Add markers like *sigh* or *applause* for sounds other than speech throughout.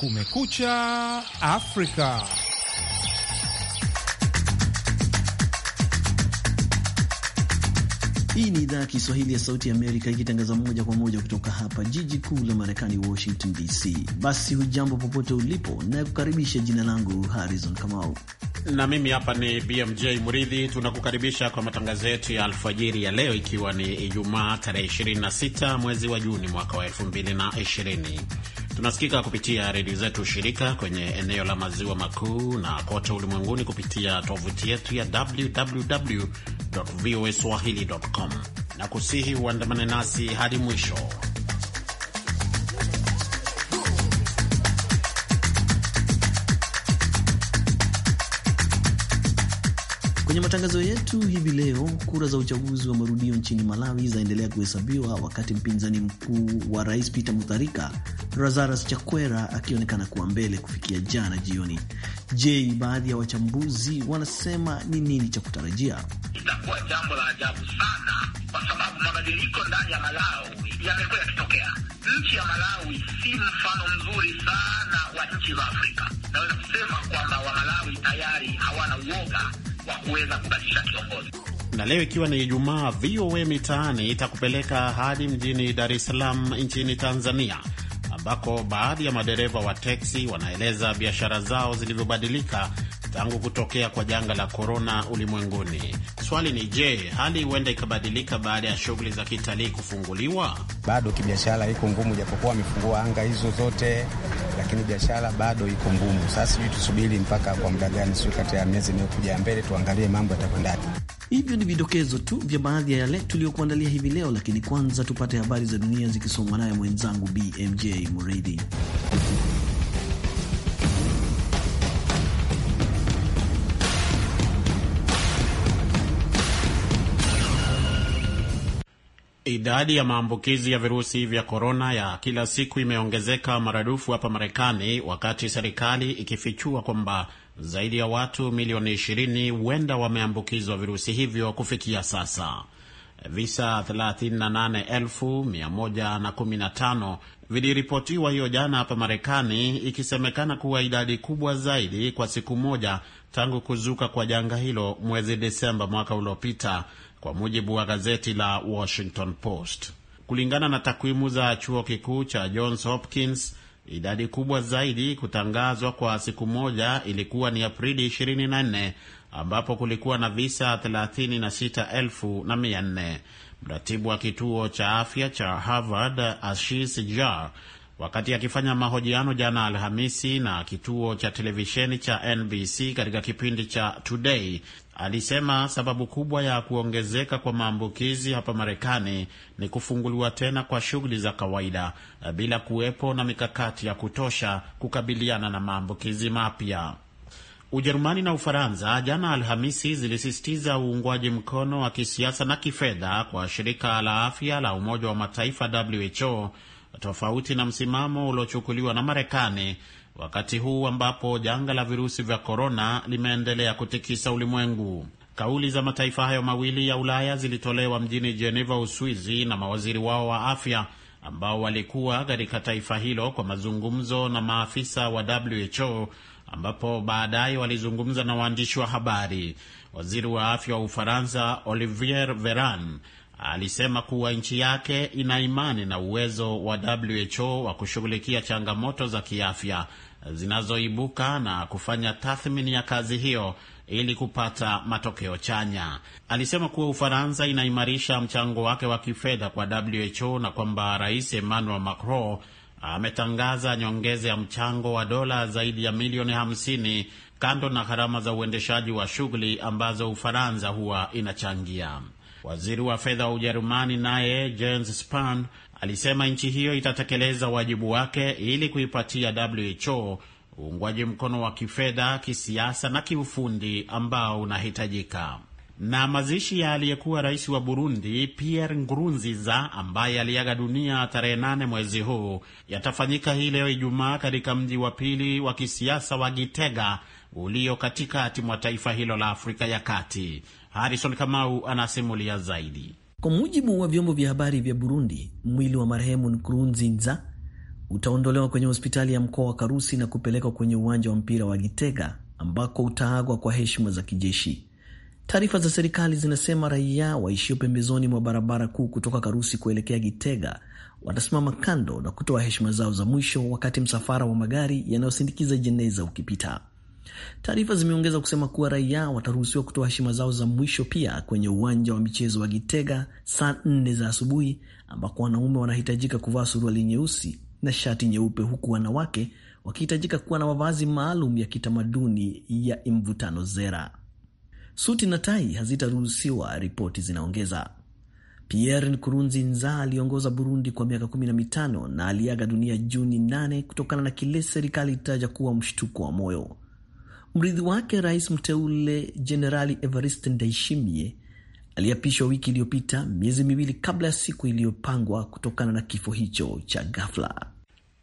Kumekucha Afrika. Hii ni idhaa ya Kiswahili ya Sauti ya Amerika ikitangaza moja kwa moja kutoka hapa jiji kuu la Marekani, Washington DC. Basi hujambo popote ulipo, nayekukaribisha. Jina langu Harrison Kamau na mimi hapa ni BMJ Muridhi. Tunakukaribisha kwa matangazo yetu ya alfajiri ya leo, ikiwa ni Ijumaa tarehe 26 mwezi wa Juni mwaka wa 2020. Tunasikika kupitia redio zetu shirika kwenye eneo la maziwa makuu na kote ulimwenguni kupitia tovuti yetu ya www voa com, na kusihi uandamane nasi hadi mwisho. Kwenye matangazo yetu hivi leo, kura za uchaguzi wa marudio nchini Malawi zaendelea kuhesabiwa wakati mpinzani mkuu wa rais Peter Mutharika, Lazarus Chakwera, akionekana kuwa mbele kufikia jana jioni. Je, baadhi ya wachambuzi wanasema ni nini cha kutarajia? Itakuwa jambo la ajabu sana, kwa sababu mabadiliko ndani ya Malawi yamekuwa yakitokea. Nchi ya Malawi si mfano mzuri sana wa nchi za Afrika. Naweza kusema kwamba Wamalawi tayari hawana uoga wa kuweza kubadilisha kiongozi. Na leo ikiwa ni Ijumaa, VOA Mitaani itakupeleka hadi mjini Dar es Salaam nchini Tanzania, ambako baadhi ya madereva wa teksi wanaeleza biashara zao zilivyobadilika tangu kutokea kwa janga la korona ulimwenguni. Swali ni je, hali huenda ikabadilika baada ya shughuli za kitalii kufunguliwa? Bado kibiashara iko ngumu, japokuwa amefungua anga hizo zote, lakini biashara bado iko ngumu. Sasa sijui tusubiri mpaka kwa muda gani, sijui kati ya miezi inayokuja mbele, tuangalie mambo yatakwendaje. Hivyo ni vidokezo tu vya baadhi ya yale tuliyokuandalia hivi leo, lakini kwanza tupate habari za dunia zikisomwa naye mwenzangu BMJ Muridhi. idadi ya maambukizi ya virusi vya korona ya kila siku imeongezeka maradufu hapa Marekani, wakati serikali ikifichua kwamba zaidi ya watu milioni 20 huenda wameambukizwa virusi hivyo kufikia sasa. Visa 38,115 viliripotiwa hiyo jana hapa Marekani, ikisemekana kuwa idadi kubwa zaidi kwa siku moja tangu kuzuka kwa janga hilo mwezi Desemba mwaka uliopita kwa mujibu wa gazeti la Washington Post. Kulingana na takwimu za chuo kikuu cha Johns Hopkins, idadi kubwa zaidi kutangazwa kwa siku moja ilikuwa ni Aprili 24 ambapo kulikuwa na visa 36,400. Mratibu wa kituo cha afya cha Harvard Ashish Jha, wakati akifanya mahojiano jana Alhamisi na kituo cha televisheni cha NBC katika kipindi cha Today, alisema sababu kubwa ya kuongezeka kwa maambukizi hapa Marekani ni kufunguliwa tena kwa shughuli za kawaida eh, bila kuwepo na mikakati ya kutosha kukabiliana na maambukizi mapya. Ujerumani na Ufaransa jana Alhamisi zilisisitiza uungwaji mkono wa kisiasa na kifedha kwa shirika la afya la Umoja wa Mataifa WHO, tofauti na msimamo uliochukuliwa na Marekani wakati huu ambapo janga la virusi vya korona limeendelea kutikisa ulimwengu. Kauli za mataifa hayo mawili ya Ulaya zilitolewa mjini Geneva, Uswizi, na mawaziri wao wa afya ambao walikuwa katika taifa hilo kwa mazungumzo na maafisa wa WHO ambapo baadaye walizungumza na waandishi wa habari. Waziri wa afya wa Ufaransa Olivier Veran alisema kuwa nchi yake ina imani na uwezo wa WHO wa kushughulikia changamoto za kiafya zinazoibuka na kufanya tathmini ya kazi hiyo ili kupata matokeo chanya. Alisema kuwa Ufaransa inaimarisha mchango wake wa kifedha kwa WHO na kwamba Rais Emmanuel Macron ametangaza nyongeza ya mchango wa dola zaidi ya milioni 50 kando na gharama za uendeshaji wa shughuli ambazo Ufaransa huwa inachangia. Waziri wa fedha wa Ujerumani naye Jens Spahn alisema nchi hiyo itatekeleza wajibu wake ili kuipatia WHO uungwaji mkono wa kifedha, kisiasa na kiufundi ambao unahitajika. Na mazishi ya aliyekuwa rais wa Burundi Pierre Nkurunziza ambaye aliaga dunia tarehe nane mwezi huu yatafanyika hii leo Ijumaa katika mji wa pili wa kisiasa wa Gitega ulio katikati mwa taifa hilo la Afrika ya Kati. harison Kamau anasimulia zaidi. Kwa mujibu wa vyombo vya habari vya Burundi, mwili wa marehemu Nkurunziza utaondolewa kwenye hospitali ya mkoa wa Karusi na kupelekwa kwenye uwanja wa mpira wa Gitega ambako utaagwa kwa heshima za kijeshi. Taarifa za serikali zinasema raia waishio pembezoni mwa barabara kuu kutoka Karusi kuelekea Gitega watasimama kando na kutoa heshima zao za mwisho wakati msafara wa magari yanayosindikiza jeneza ukipita. Taarifa zimeongeza kusema kuwa raia wataruhusiwa kutoa heshima zao za mwisho pia kwenye uwanja wa michezo wa Gitega saa nne za asubuhi, ambako wanaume wanahitajika kuvaa suruali nyeusi na shati nyeupe, huku wanawake wakihitajika kuwa na mavazi maalum ya kitamaduni ya mvutano zera. Suti na tai hazitaruhusiwa, ripoti zinaongeza. Pierre Nkurunziza aliongoza Burundi kwa miaka kumi na aliaga dunia Juni 8 kutokana na kile serikali itaja kuwa mshtuko wa moyo. Mrithi wake rais mteule Jenerali evarist Ndaishimie aliapishwa wiki iliyopita, miezi miwili kabla ya siku iliyopangwa kutokana na kifo hicho cha ghafla.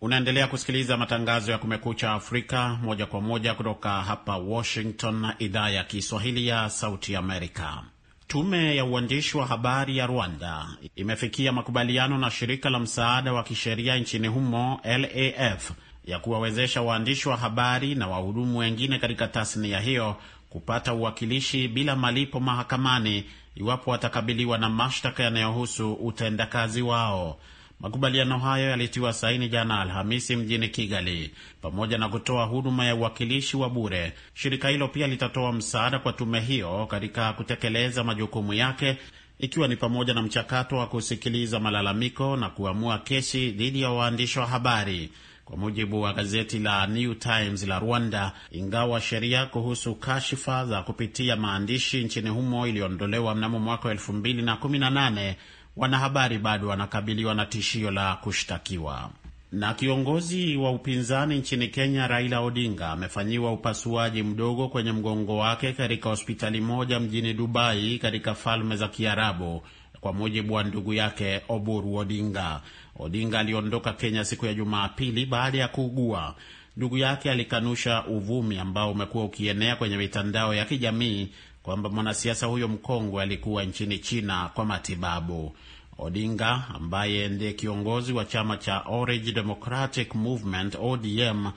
Unaendelea kusikiliza matangazo ya Kumekucha Afrika moja kwa moja kutoka hapa Washington na idhaa ya Kiswahili ya Sauti Amerika. Tume ya uandishi wa habari ya Rwanda imefikia makubaliano na shirika la msaada wa kisheria nchini humo LAF ya kuwawezesha waandishi wa habari na wahudumu wengine katika tasnia hiyo kupata uwakilishi bila malipo mahakamani iwapo watakabiliwa na mashtaka yanayohusu utendakazi wao. Makubaliano hayo yalitiwa saini jana Alhamisi mjini Kigali. Pamoja na kutoa huduma ya uwakilishi wa bure, shirika hilo pia litatoa msaada kwa tume hiyo katika kutekeleza majukumu yake, ikiwa ni pamoja na mchakato wa kusikiliza malalamiko na kuamua kesi dhidi ya waandishi wa habari kwa mujibu wa gazeti la New Times la Rwanda, ingawa sheria kuhusu kashifa za kupitia maandishi nchini humo iliondolewa mnamo mwaka wa 2018 wanahabari bado wanakabiliwa na tishio la kushtakiwa. Na kiongozi wa upinzani nchini Kenya Raila Odinga amefanyiwa upasuaji mdogo kwenye mgongo wake katika hospitali moja mjini Dubai katika Falme za Kiarabu, kwa mujibu wa ndugu yake Oburu Odinga. Odinga aliondoka Kenya siku ya Jumapili baada ya kuugua. Ndugu yake alikanusha uvumi ambao umekuwa ukienea kwenye mitandao ya kijamii kwamba mwanasiasa huyo mkongwe alikuwa nchini China kwa matibabu. Odinga ambaye ndiye kiongozi wa chama cha Orange Democratic Movement ODM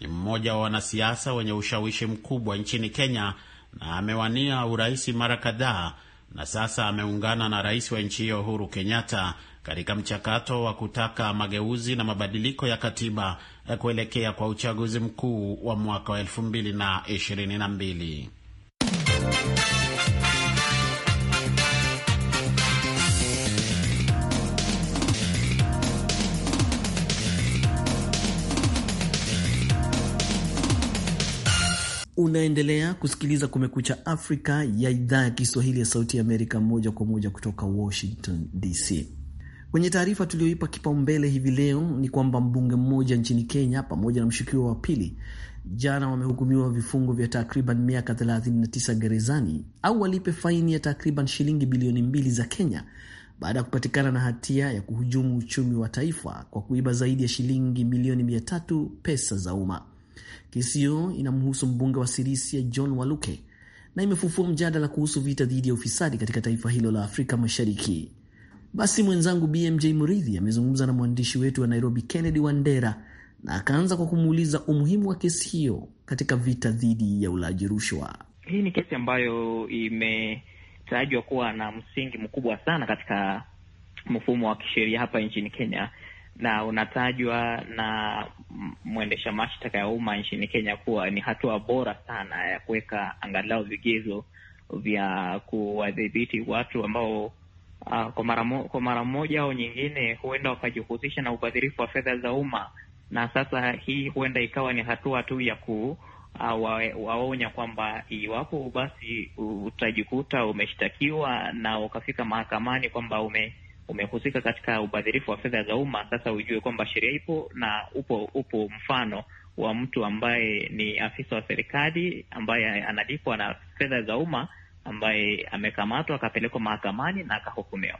ni mmoja wa wanasiasa wenye ushawishi mkubwa nchini Kenya na amewania urais mara kadhaa, na sasa ameungana na rais wa nchi hiyo Uhuru Kenyatta katika mchakato wa kutaka mageuzi na mabadiliko ya katiba ya eh, kuelekea kwa uchaguzi mkuu wa mwaka wa 222 Unaendelea kusikiliza Kumekucha Afrika ya idhaa ya Kiswahili ya Sauti ya Amerika, moja kwa moja kutoka Washington DC. Kwenye taarifa tuliyoipa kipaumbele hivi leo ni kwamba mbunge mmoja nchini Kenya pamoja na mshukiwa wa pili jana wamehukumiwa vifungo vya takriban miaka 39 gerezani au walipe faini ya takriban shilingi bilioni mbili za Kenya baada ya kupatikana na hatia ya kuhujumu uchumi wa taifa kwa kuiba zaidi ya shilingi milioni mia tatu pesa za umma. Kesi hiyo inamhusu mbunge wa Sirisia John Waluke na imefufua mjadala kuhusu vita dhidi ya ufisadi katika taifa hilo la Afrika Mashariki. Basi mwenzangu BMJ Muridhi amezungumza na mwandishi wetu wa Nairobi Kennedy Wandera na akaanza kwa kumuuliza umuhimu wa kesi hiyo katika vita dhidi ya ulaji rushwa. Hii ni kesi ambayo imetajwa kuwa na msingi mkubwa sana katika mfumo wa kisheria hapa nchini Kenya, na unatajwa na mwendesha mashtaka ya umma nchini Kenya kuwa ni hatua bora sana ya kuweka angalau vigezo vya kuwadhibiti watu ambao uh, kwa mara kwa mara moja au nyingine huenda wakajihusisha na ubadhirifu wa fedha za umma, na sasa hii huenda ikawa ni hatua tu ya ku uh, wa, waonya kwamba iwapo basi utajikuta umeshtakiwa na ukafika mahakamani kwamba ume umehusika katika ubadhirifu wa fedha za umma, sasa ujue kwamba sheria ipo na upo upo mfano wa mtu ambaye ni afisa wa serikali ambaye analipwa na fedha za umma ambaye amekamatwa akapelekwa mahakamani na akahukumiwa.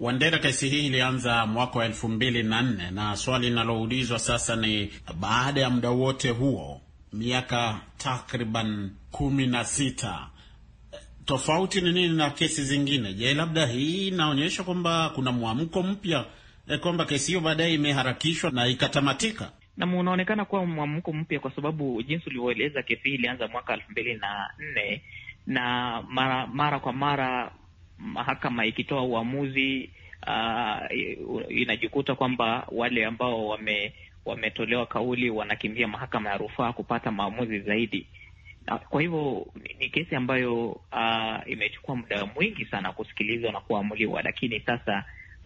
Wandera, kesi hii ilianza mwaka wa elfu mbili na nne na swali linaloulizwa sasa ni baada ya muda wote huo, miaka takriban kumi na sita, tofauti ni nini na kesi zingine? Je, labda hii inaonyesha kwamba kuna mwamko mpya e, kwamba kesi hiyo baadaye imeharakishwa na ikatamatika? Nam, unaonekana kuwa mwamko mpya kwa sababu jinsi ulivyoeleza, kesi hii ilianza mwaka elfu mbili na nne na mara mara kwa mara mahakama ikitoa uamuzi uh, inajikuta kwamba wale ambao wame wametolewa kauli wanakimbia mahakama ya rufaa kupata maamuzi zaidi. Kwa hivyo ni kesi ambayo uh, imechukua muda mwingi sana kusikilizwa na kuamuliwa, lakini sasa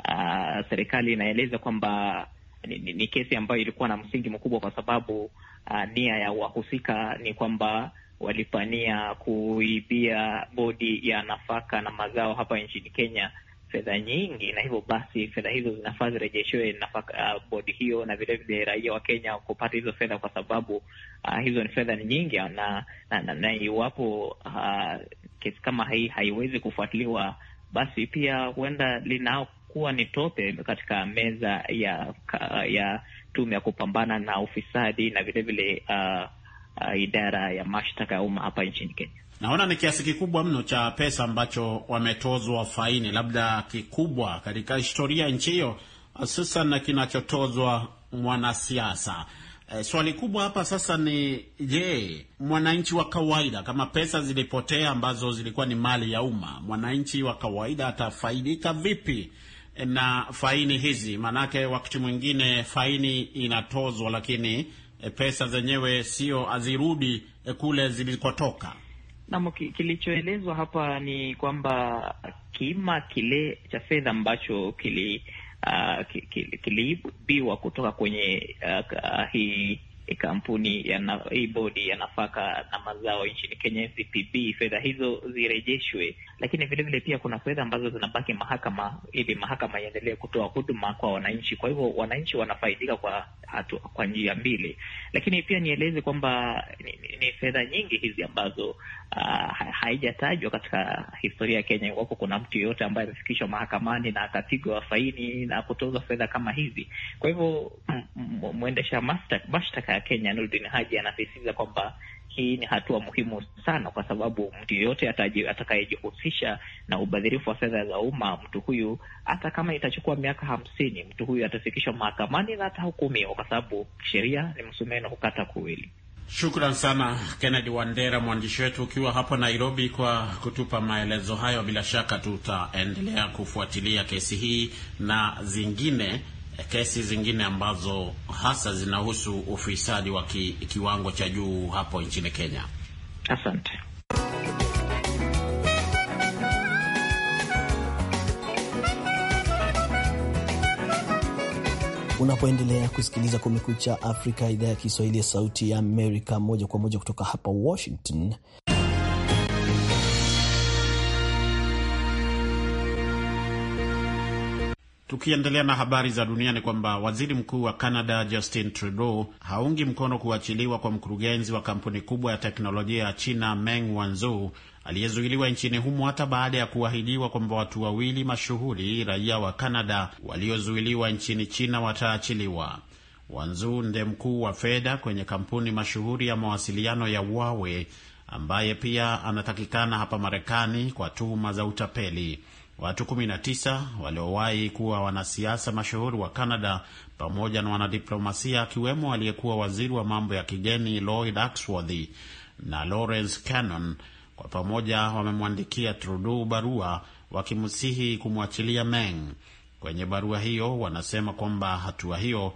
uh, serikali inaeleza kwamba ni, ni, ni kesi ambayo ilikuwa na msingi mkubwa kwa sababu uh, nia ya wahusika ni kwamba walipania kuibia bodi ya nafaka na mazao hapa nchini Kenya fedha nyingi, na hivyo basi fedha hizo zinafaa zirejeshewe nafaka uh, bodi hiyo na vilevile raia wa Kenya kupata hizo fedha, kwa sababu uh, hizo ni fedha ni nyingi, na na, na, na, na iwapo uh, kesi kama hii haiwezi kufuatiliwa, basi pia huenda linakuwa ni tope katika meza ya uh, ya tume ya kupambana na ufisadi na vilevile uh, uh, idara ya mashtaka ya umma hapa nchini Kenya. Naona ni kiasi kikubwa mno cha pesa ambacho wametozwa faini, labda kikubwa katika historia nchi hiyo, hususan na kinachotozwa mwanasiasa. E, swali kubwa hapa sasa ni je, mwananchi wa kawaida, kama pesa zilipotea ambazo zilikuwa ni mali ya umma, mwananchi wa kawaida atafaidika vipi na faini hizi? Maanake wakati mwingine faini inatozwa, lakini E, pesa zenyewe sio hazirudi e, kule zilikotoka. Naam, kilichoelezwa hapa ni kwamba kima kile cha fedha ambacho kili uh, kiliibiwa kutoka kwenye uh, hii kampuni ya na, hii bodi ya nafaka na mazao nchini Kenya NCPB, fedha hizo zirejeshwe lakini vilevile pia kuna fedha ambazo zinabaki mahakama ili mahakama iendelee kutoa huduma kwa wananchi. Kwa hivyo wananchi wanafaidika kwa hatu, kwa njia mbili, lakini pia nieleze kwamba ni, ni, ni fedha nyingi hizi ambazo uh, haijatajwa katika historia ya Kenya iwapo kuna mtu yeyote ambaye amefikishwa mahakamani na akapigwa faini na kutozwa fedha kama hizi. Kwa hivyo mm, mwendesha mashtaka ya Kenya Nurdin Haji anasisitiza kwamba hii ni hatua muhimu sana, kwa sababu mtu yeyote atakayejihusisha na ubadhirifu wa fedha za umma, mtu huyu hata kama itachukua miaka hamsini, mtu huyu atafikishwa mahakamani na atahukumiwa, kwa sababu sheria ni msumeno hukata kuwili. Shukran sana Kennedy Wandera, mwandishi wetu ukiwa hapo Nairobi, kwa kutupa maelezo hayo. Bila shaka tutaendelea kufuatilia kesi hii na zingine kesi zingine ambazo hasa zinahusu ufisadi wa ki, kiwango cha juu hapo nchini Kenya? Asante. Unapoendelea kusikiliza Kumekucha Afrika, idhaa ya Kiswahili ya Sauti ya Amerika, moja kwa moja kutoka hapa Washington. Tukiendelea na habari za dunia ni kwamba waziri mkuu wa Canada Justin Trudeau haungi mkono kuachiliwa kwa mkurugenzi wa kampuni kubwa ya teknolojia ya China Meng Wanzhou aliyezuiliwa nchini humo hata baada ya kuahidiwa kwamba watu wawili mashuhuri raia wa Canada waliozuiliwa nchini China wataachiliwa. wanzu ndiye mkuu wa fedha kwenye kampuni mashuhuri ya mawasiliano ya Huawei ambaye pia anatakikana hapa Marekani kwa tuhuma za utapeli watu 19 waliowahi kuwa wanasiasa mashuhuri wa Canada pamoja na wanadiplomasia akiwemo aliyekuwa waziri wa mambo ya kigeni Lloyd Axworthy na Lawrence Cannon kwa pamoja wamemwandikia Trudeau barua wakimsihi kumwachilia Meng. Kwenye barua hiyo wanasema kwamba hatua hiyo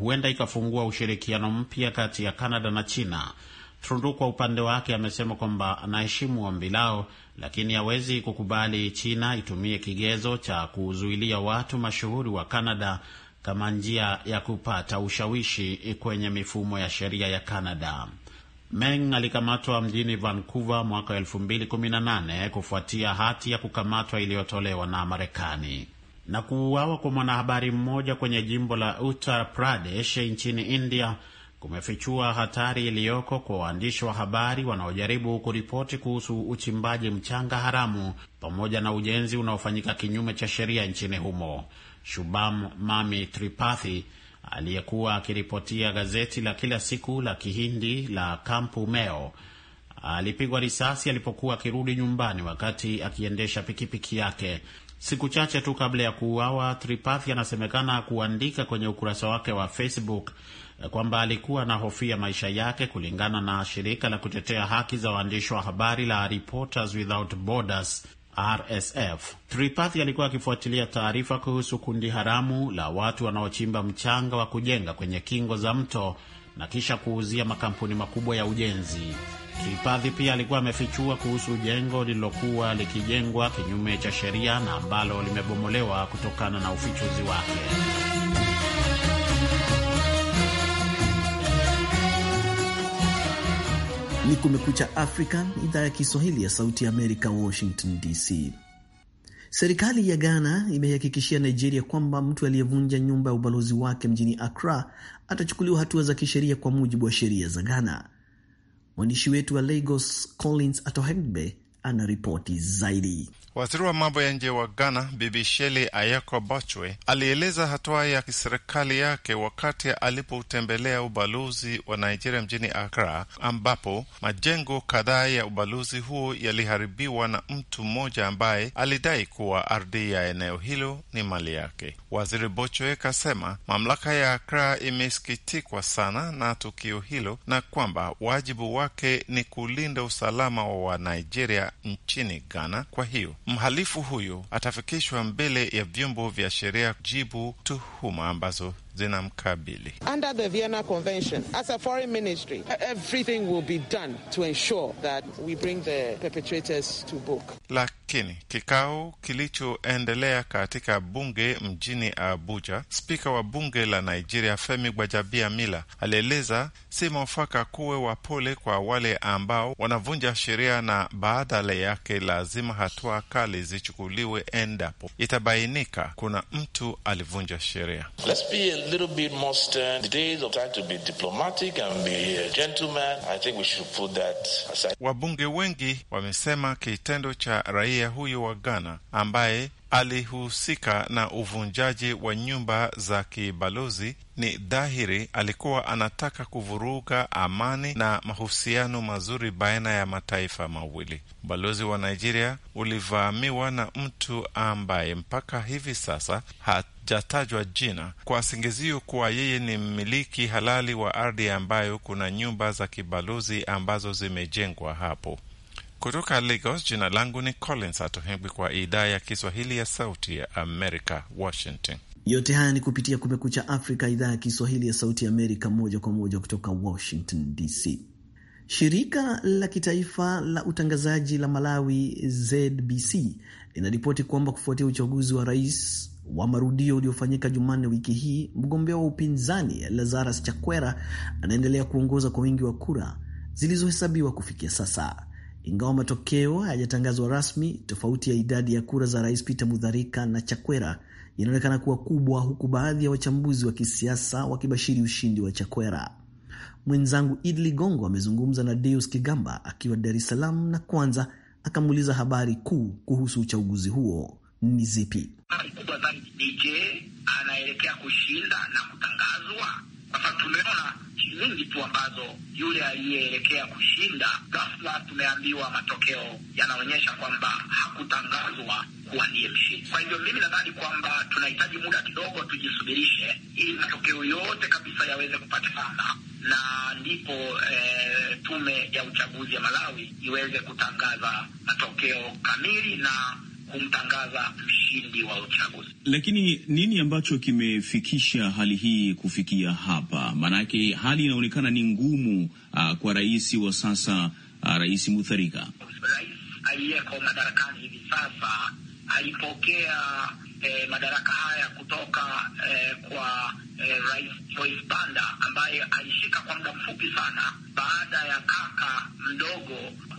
huenda ikafungua ushirikiano mpya kati ya Kanada na China Trundu kwa upande wake amesema kwamba anaheshimu ombi lao, lakini hawezi kukubali China itumie kigezo cha kuzuilia watu mashuhuri wa canada kama njia ya kupata ushawishi kwenye mifumo ya sheria ya canada Meng alikamatwa mjini Vancouver mwaka 2018 kufuatia hati ya kukamatwa iliyotolewa na Marekani. Na kuuawa kwa mwanahabari mmoja kwenye jimbo la Uttar Pradesh nchini India kumefichua hatari iliyoko kwa waandishi wa habari wanaojaribu kuripoti kuhusu uchimbaji mchanga haramu pamoja na ujenzi unaofanyika kinyume cha sheria nchini humo. Shubham Mami Tripathi aliyekuwa akiripotia gazeti la kila siku la Kihindi la Kampu Meo alipigwa risasi alipokuwa akirudi nyumbani wakati akiendesha pikipiki yake Siku chache tu kabla ya kuuawa, Tripathi anasemekana kuandika kwenye ukurasa wake wa Facebook kwamba alikuwa anahofia maisha yake, kulingana na shirika la kutetea haki za waandishi wa habari la Reporters Without Borders RSF. Tripathi alikuwa akifuatilia taarifa kuhusu kundi haramu la watu wanaochimba mchanga wa kujenga kwenye kingo za mto na kisha kuuzia makampuni makubwa ya ujenzi kipadhi pia alikuwa amefichua kuhusu jengo lililokuwa likijengwa kinyume cha sheria na ambalo limebomolewa kutokana na ufichuzi wake. Ni Kumekucha Afrika, idhaa ya Kiswahili ya Sauti ya Amerika, Washington DC. Serikali ya Ghana imehakikishia Nigeria kwamba mtu aliyevunja nyumba ya ubalozi wake mjini Accra atachukuliwa hatua za kisheria kwa mujibu wa sheria za Ghana. Mwandishi wetu wa Lagos, Collins Atohengbe, anaripoti zaidi. Waziri wa mambo ya nje wa Ghana Bibi Sheli Ayako Bachwe alieleza hatua ya serikali yake wakati alipotembelea ubalozi wa Nigeria mjini Accra, ambapo majengo kadhaa ya ubalozi huo yaliharibiwa na mtu mmoja ambaye alidai kuwa ardhi ya eneo hilo ni mali yake. Waziri Bachwe kasema mamlaka ya Accra imesikitikwa sana na tukio hilo na kwamba wajibu wake ni kulinda usalama wa Wanigeria nchini Ghana. Kwa hiyo mhalifu huyo atafikishwa mbele ya vyombo vya sheria kujibu tuhuma ambazo zinamkabili. Under the Vienna Convention, as a foreign ministry, e- everything will be done to ensure that we bring the perpetrators to book. Lakini kikao kilichoendelea katika bunge mjini Abuja, spika wa bunge la Nigeria Femi Mila alieleza si mwafaka kuwe wapole kwa wale ambao wanavunja sheria, na badala yake lazima hatua kali zichukuliwe endapo itabainika kuna mtu alivunja sheria little bit more stern. The days of trying to be diplomatic and be a gentleman, I think we should put that aside. Wabunge wengi wamesema kitendo cha raia huyo wa Ghana ambaye alihusika na uvunjaji wa nyumba za kibalozi, ni dhahiri alikuwa anataka kuvuruga amani na mahusiano mazuri baina ya mataifa mawili. Ubalozi wa Nigeria ulivamiwa na mtu ambaye mpaka hivi sasa hajatajwa jina, kwa singizio kuwa yeye ni mmiliki halali wa ardhi ambayo kuna nyumba za kibalozi ambazo zimejengwa hapo. Kutoka Lagos, jina langu ni Collins Atohegwi kwa idhaa ya Kiswahili ya Sauti ya Amerika, Washington. Yote haya ni kupitia Kumekucha Afrika, idhaa ya Kiswahili ya Sauti Amerika, moja kwa moja kutoka Washington DC. Shirika la kitaifa la utangazaji la Malawi, ZBC, linaripoti kwamba kufuatia uchaguzi wa rais wa marudio uliofanyika Jumanne wiki hii, mgombea wa upinzani Lazarus Chakwera anaendelea kuongoza kwa wingi wa kura zilizohesabiwa kufikia sasa. Ingawa matokeo hayajatangazwa rasmi, tofauti ya idadi ya kura za rais Peter Mutharika na Chakwera inaonekana kuwa kubwa, huku baadhi ya wachambuzi wa kisiasa wakibashiri ushindi wa Chakwera. Mwenzangu idli Ligongo amezungumza na Deus Kigamba akiwa Dar es Salaam, na kwanza akamuuliza habari kuu kuhusu uchaguzi huo ni zipi? je, anaelekea kushinda na kutangazwa sasa tumeona nchi nyingi tu ambazo yule aliyeelekea kushinda, ghafla tumeambiwa matokeo yanaonyesha kwamba hakutangazwa kuwa ndiye mshindi. Kwa hivyo mimi nadhani kwamba tunahitaji muda kidogo, tujisubirishe ili matokeo yote kabisa yaweze kupatikana na ndipo e, tume ya uchaguzi ya Malawi iweze kutangaza matokeo kamili na kumtangaza mshindi wa uchaguzi. Lakini nini ambacho kimefikisha hali hii kufikia hapa? Maanake hali inaonekana ni ngumu uh, kwa rais wa sasa uh, Rais Mutharika, rais aliyeko madarakani hivi sasa alipokea eh, madaraka haya kutoka eh, kwa eh, rais Joyce Banda ambaye alishika kwa muda mfupi sana baada ya kaka mdogo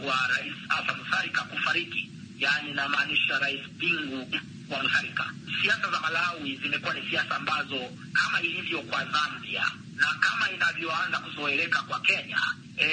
wa rais Asa Mutharika kufariki yani namaanisha Rais Bingu wa Mharika. Siasa za Malawi zimekuwa ni siasa ambazo kama ilivyo kwa Zambia na kama inavyoanza kuzoeleka kwa Kenya, e,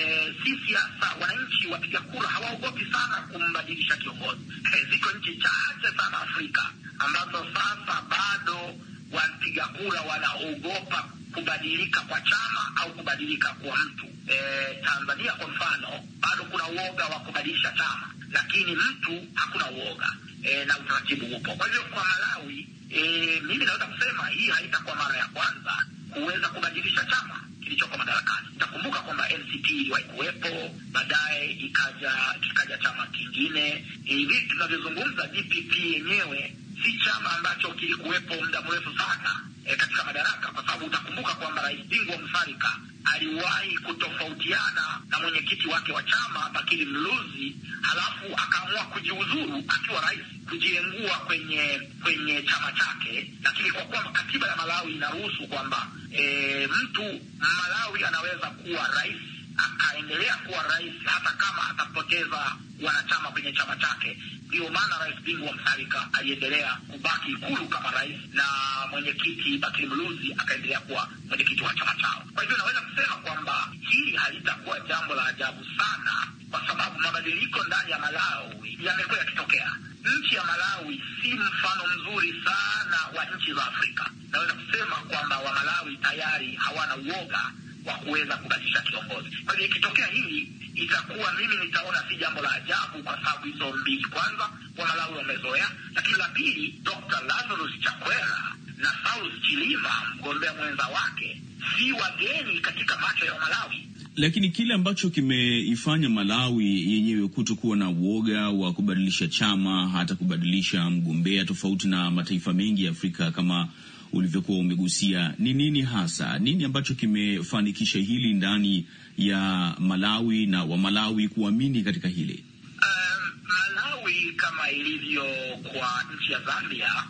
si siasa. Wananchi wapiga kura hawaogopi sana kumbadilisha kiongozi. *laughs* E, ziko nchi chache sana Afrika ambazo sasa bado wapiga kura wanaogopa kubadilika kwa chama au kubadilika kwa mtu. E, Tanzania kwa mfano bado kuna uoga wa kubadilisha chama lakini mtu hakuna uoga e, na utaratibu upo. Kwa hivyo kwa Malawi e, mimi naweza kusema hii haitakuwa mara ya kwanza kuweza kubadilisha chama kilichoko madarakani. Nakumbuka kwamba MCT iliwahi kuwepo, baadaye ikaja kikaja chama kingine. E, hivi tunavyozungumza DPP yenyewe si chama ambacho kilikuwepo muda mrefu sana e, katika madaraka, kwa sababu utakumbuka kwamba Rais bingwa Msarika aliwahi kutofautiana na mwenyekiti wake wa chama Bakili Mluzi, halafu akaamua kujiuzuru akiwa rais, kujiengua kwenye kwenye chama chake. Lakini kwa kuwa katiba ya Malawi inaruhusu kwamba e, mtu Malawi anaweza kuwa rais akaendelea kuwa rais hata kama atapoteza wanachama kwenye chama chake. Ndiyo maana Rais wa Msarika aliendelea kubaki Ikulu kama rais na mwenyekiti Bakili mluzi akaendelea kuwa mwenyekiti wa chama chao. Kwa hivyo naweza kusema kwamba hili halitakuwa jambo la ajabu sana, kwa sababu mabadiliko ndani ya Malawi yamekuwa yakitokea. Nchi ya Malawi si mfano mzuri sana wa nchi za Afrika. Naweza kusema kwamba Wamalawi tayari hawana uoga wa kuweza kubadilisha kiongozi. Kwa hiyo ikitokea hili, itakuwa mimi nitaona si jambo la ajabu, kwa sababu hizo mbili, kwanza malawi wamezoea, lakini la pili, Dr. Lazarus Chakwera na Saul Chilima, mgombea mwenza wake, si wageni katika macho ya malawi lakini kile ambacho kimeifanya Malawi yenyewe kutokuwa na uoga wa kubadilisha chama hata kubadilisha mgombea, tofauti na mataifa mengi ya Afrika kama ulivyokuwa umegusia, ni nini hasa, nini ambacho kimefanikisha hili ndani ya Malawi na Wamalawi kuamini katika hili? Um, Malawi kama ilivyo kwa nchi ya Zambia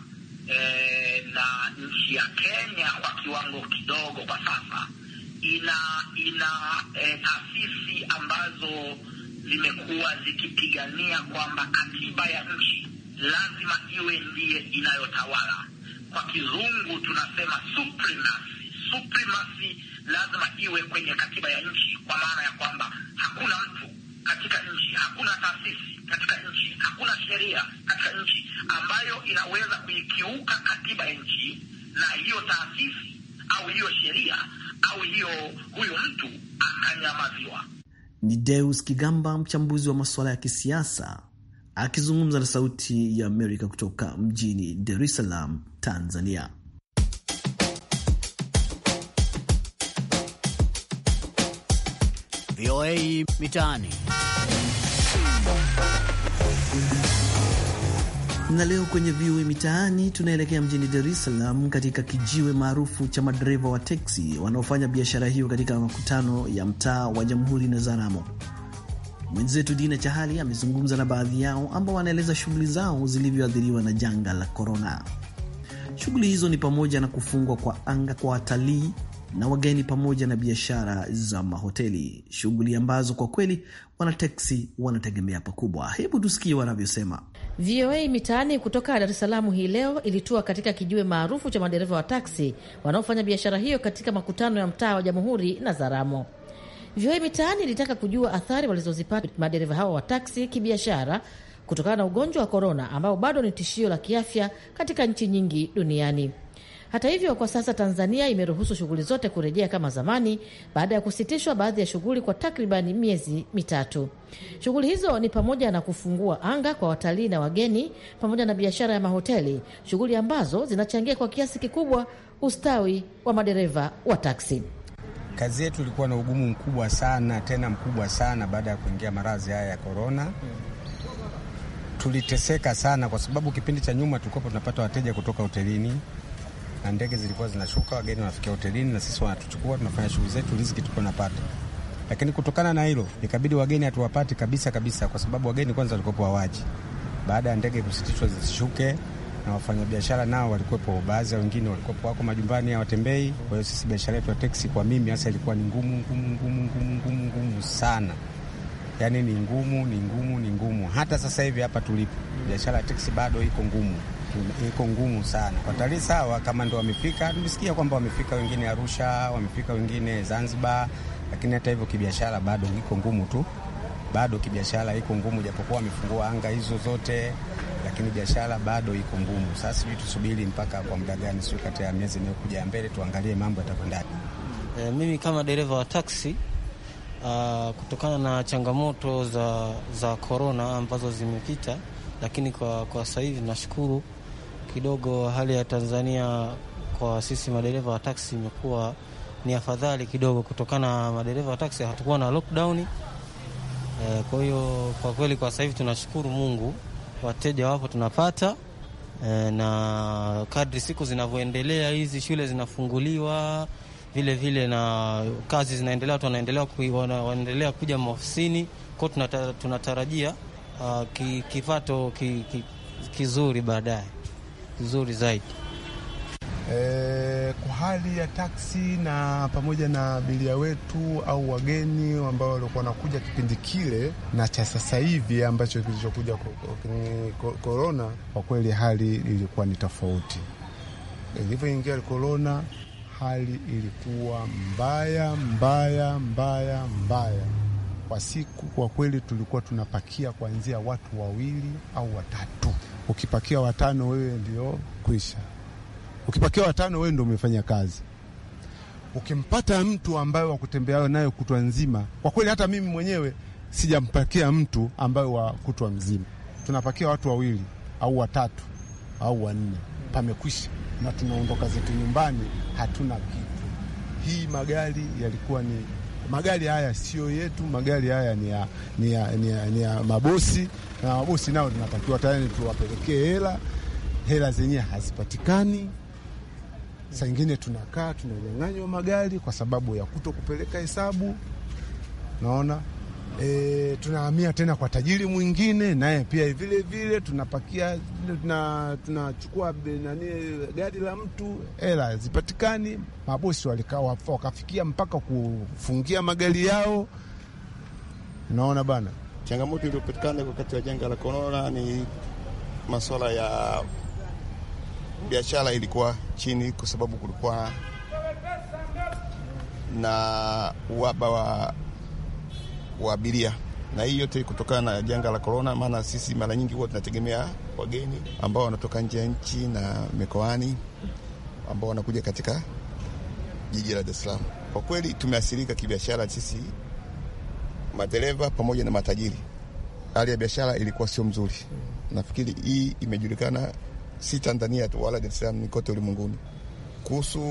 e, na nchi ya Kenya kwa kiwango kidogo kwa sasa ina ina eh, taasisi ambazo zimekuwa zikipigania kwamba katiba ya nchi lazima iwe ndiye inayotawala kwa kizungu tunasema supremacy. Supremacy lazima iwe kwenye katiba ya nchi, kwa maana ya kwamba hakuna mtu katika nchi, hakuna taasisi katika nchi, hakuna sheria katika nchi ambayo inaweza kuikiuka katiba ya nchi, na hiyo taasisi au hiyo sheria au hiyo huyo mtu akanyamaziwa. Ni Deus Kigamba, mchambuzi wa masuala ya kisiasa akizungumza na Sauti ya Amerika kutoka mjini Dar es Salaam, Tanzania. VOA Mitaani. Na leo kwenye VOA Mitaani tunaelekea mjini Dar es Salaam katika kijiwe maarufu cha madereva wa teksi wanaofanya biashara hiyo katika makutano ya mtaa wa Jamhuri na Zaramo. Mwenzetu Dina Chahali amezungumza na baadhi yao ambao wanaeleza shughuli zao zilivyoathiriwa na janga la korona. Shughuli hizo ni pamoja na kufungwa kwa anga kwa watalii na wageni pamoja na biashara za mahoteli, shughuli ambazo kwa kweli wanateksi wanategemea pakubwa. Hebu tusikie wanavyosema. VOA Mitaani kutoka Dar es Salaam hii leo ilitua katika kijiwe maarufu cha madereva wa taksi wanaofanya biashara hiyo katika makutano ya mtaa wa Jamhuri na Zaramo. Vyoe Mitaani ilitaka kujua athari walizozipata madereva hao wa taksi kibiashara kutokana na ugonjwa wa korona ambao bado ni tishio la kiafya katika nchi nyingi duniani. Hata hivyo, kwa sasa Tanzania imeruhusu shughuli zote kurejea kama zamani baada ya kusitishwa baadhi ya shughuli kwa takribani miezi mitatu. Shughuli hizo ni pamoja na kufungua anga kwa watalii na wageni pamoja na biashara ya mahoteli, shughuli ambazo zinachangia kwa kiasi kikubwa ustawi wa madereva wa taksi kazi yetu ilikuwa na ugumu mkubwa sana tena mkubwa sana baada ya kuingia maradhi haya ya korona. Tuliteseka sana kwa sababu kipindi cha nyuma tulikuwa tunapata wateja kutoka hotelini na ndege zilikuwa zinashuka, wageni wanafikia hotelini na sisi wanatuchukua, tunafanya shughuli zetu, riziki tulikuwa tunapata. Lakini kutokana na hilo ikabidi wageni hatuwapati kabisa kabisa, kwa sababu wageni kwanza walikuwa hawaji, baada ya ndege kusitishwa zisishuke na wafanyabiashara nao walikuwepo, baadhi ya wengine walikuwepo wako majumbani hawatembei. Kwa hiyo sisi biashara yetu ya teksi kwa mimi hasa ilikuwa ni ngumu ngumu ngumu ngumu ngumu ngumu sana, yaani ni ngumu ni ngumu ni ngumu. Hata sasa hivi hapa tulipo, biashara ya teksi bado iko ngumu iko ngumu sana. Watalii sawa, kama ndo wamefika, tumesikia kwamba wamefika wengine Arusha, wamefika wengine Zanzibar, lakini hata hivyo kibiashara bado iko ngumu tu, bado kibiashara iko ngumu, japokuwa wamefungua anga hizo zote lakini biashara bado iko ngumu. Sasa sijui tusubiri mpaka kwa muda gani, sijui kati ya miezi inayokuja ya mbele, tuangalie mambo yatakwendaje. E, eh, mimi kama dereva wa taksi uh, ah, kutokana na changamoto za za korona ambazo zimepita, lakini kwa, kwa sasa hivi nashukuru kidogo hali ya Tanzania kwa sisi madereva wa taksi imekuwa ni afadhali kidogo, kutokana na madereva wa taksi hatukuwa na lockdown. E, kwa hiyo kwa kweli kwa sasa hivi tunashukuru Mungu wateja wapo tunapata e, na kadri siku zinavyoendelea hizi shule zinafunguliwa vile vile na kazi zinaendelea, watu wanaendelea wanaendelea kuja maofisini kwao, tunatarajia uh, kipato ki, ki, kizuri baadaye kizuri zaidi. E, kwa hali ya taksi na pamoja na abiria wetu au wageni ambao walikuwa wanakuja kipindi kile na cha sasa hivi ambacho kilichokuja korona, kwa kweli hali ilikuwa ni tofauti. Ilivyoingia korona, hali ilikuwa mbaya mbaya mbaya mbaya kwa siku. Kwa kweli tulikuwa tunapakia kuanzia watu wawili au watatu, ukipakia watano wewe ndio kwisha. Ukipakiwa watano, wewe ndio umefanya kazi. Ukimpata mtu ambaye wakutembea naye kutwa nzima, kwa kweli hata mimi mwenyewe sijampakia mtu ambaye wa kutwa mzima. Tunapakia watu wawili au watatu au wanne, pamekwisha na tunaondoka zetu nyumbani, hatuna kitu. Hii magari yalikuwa ni magari haya sio yetu, magari haya ni ya, ni ya, ni ya, ni ya mabosi, na mabosi nao tunatakiwa tayari tuwapelekee hela. Hela zenyewe hazipatikani. Saa ingine tunakaa tunanyang'anywa magari kwa sababu ya kuto kupeleka hesabu, naona e, tunahamia tena kwa tajiri mwingine, naye pia vile vile tunapakia tuna, tunachukua nani gari la mtu, hela zipatikani Mabosi walikaa wakafikia mpaka kufungia magari yao, naona bana. Changamoto iliyopatikana wakati wa janga la korona ni masuala ya biashara ilikuwa chini kwa sababu kulikuwa na uhaba wa, wa abiria na hii yote kutokana na janga la korona. Maana sisi mara nyingi huwa tunategemea wageni ambao wanatoka nje ya nchi na mikoani ambao wanakuja katika jiji la Dar es Salaam. Kwa kweli tumeathirika kibiashara sisi madereva pamoja na matajiri. Hali ya biashara ilikuwa sio mzuri. Nafikiri hii imejulikana si Tanzania tu wala Dar es Salaam, ni kote ulimwenguni. Kuhusu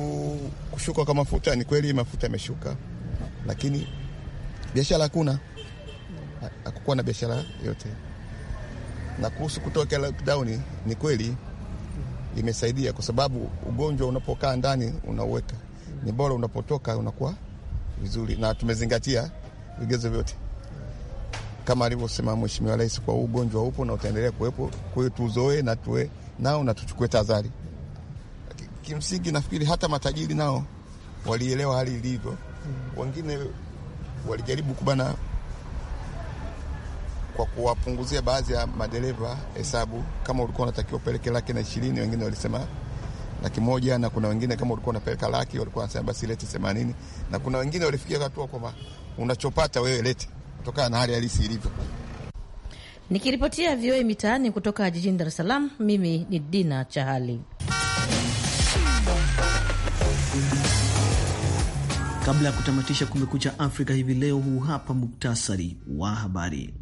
kushuka kwa mafuta, ni kweli mafuta yameshuka, lakini biashara hakuna, hakukuwa na biashara yote. Na kuhusu kutoka lockdown, ni kweli imesaidia, kwa sababu ugonjwa unapokaa ndani unauweka, ni bora unapotoka unakuwa vizuri, na tumezingatia vigezo vyote kama alivyosema Mheshimiwa Rais, kwa ugonjwa upo na utaendelea kuwepo. Kwa hiyo tuzoe na tuwe nao na tuchukue tahadhari. Kimsingi nafikiri hata matajiri nao walielewa hali ilivyo, wengine walijaribu kubana kwa kuwapunguzia baadhi ya madereva hesabu. Kama ulikuwa unatakiwa upeleke laki na ishirini, wengine walisema laki moja, na kuna wengine kama ulikuwa unapeleka laki walikuwa wanasema basi lete themanini, na kuna wengine walifikia hatua kwamba unachopata wewe lete, kutokana na hali halisi ilivyo. Nikiripotia VOA Mitaani kutoka jijini Dar es Salaam, mimi ni Dina Chahali. Kabla ya kutamatisha Kumekucha Afrika hivi leo, huu hapa muktasari wa habari.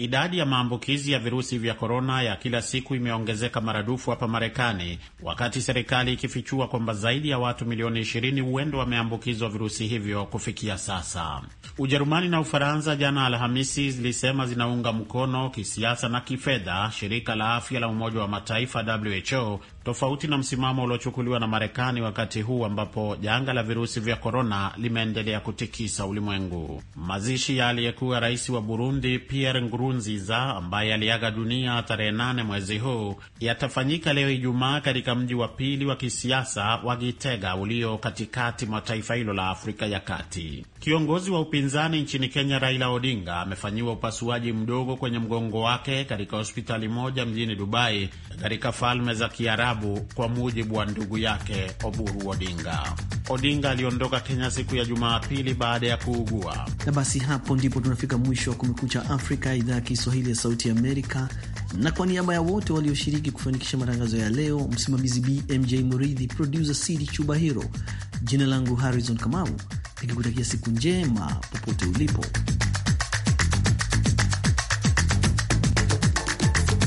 Idadi ya maambukizi ya virusi vya korona ya kila siku imeongezeka maradufu hapa Marekani, wakati serikali ikifichua kwamba zaidi ya watu milioni 20 huenda wameambukizwa virusi hivyo kufikia sasa. Ujerumani na Ufaransa jana Alhamisi zilisema zinaunga mkono kisiasa na kifedha shirika la afya la Umoja wa Mataifa WHO, tofauti na msimamo uliochukuliwa na Marekani wakati huu ambapo janga la virusi vya korona limeendelea kutikisa ulimwengu. Mazishi ya aliyekuwa rais wa Burundi Pierre Nguru Nkurunziza ambaye aliaga dunia tarehe nane mwezi huu yatafanyika leo Ijumaa katika mji wa pili wa kisiasa wa Gitega ulio katikati mwa taifa hilo la Afrika ya Kati. Kiongozi wa upinzani nchini Kenya Raila Odinga amefanyiwa upasuaji mdogo kwenye mgongo wake katika hospitali moja mjini Dubai katika Falme za Kiarabu, kwa mujibu wa ndugu yake Oburu Odinga. Odinga aliondoka Kenya siku ya Jumapili baada ya kuugua. Na basi hapo ndipo tunafika mwisho wa Kumekucha Afrika idhaa ya Kiswahili ya Sauti ya Amerika, na kwa niaba ya wote walioshiriki kufanikisha matangazo ya leo, msimamizi BMJ Muridhi, produsa CD chuba hiro jina langu Harrison Kamau, nikikutakia siku njema popote ulipo.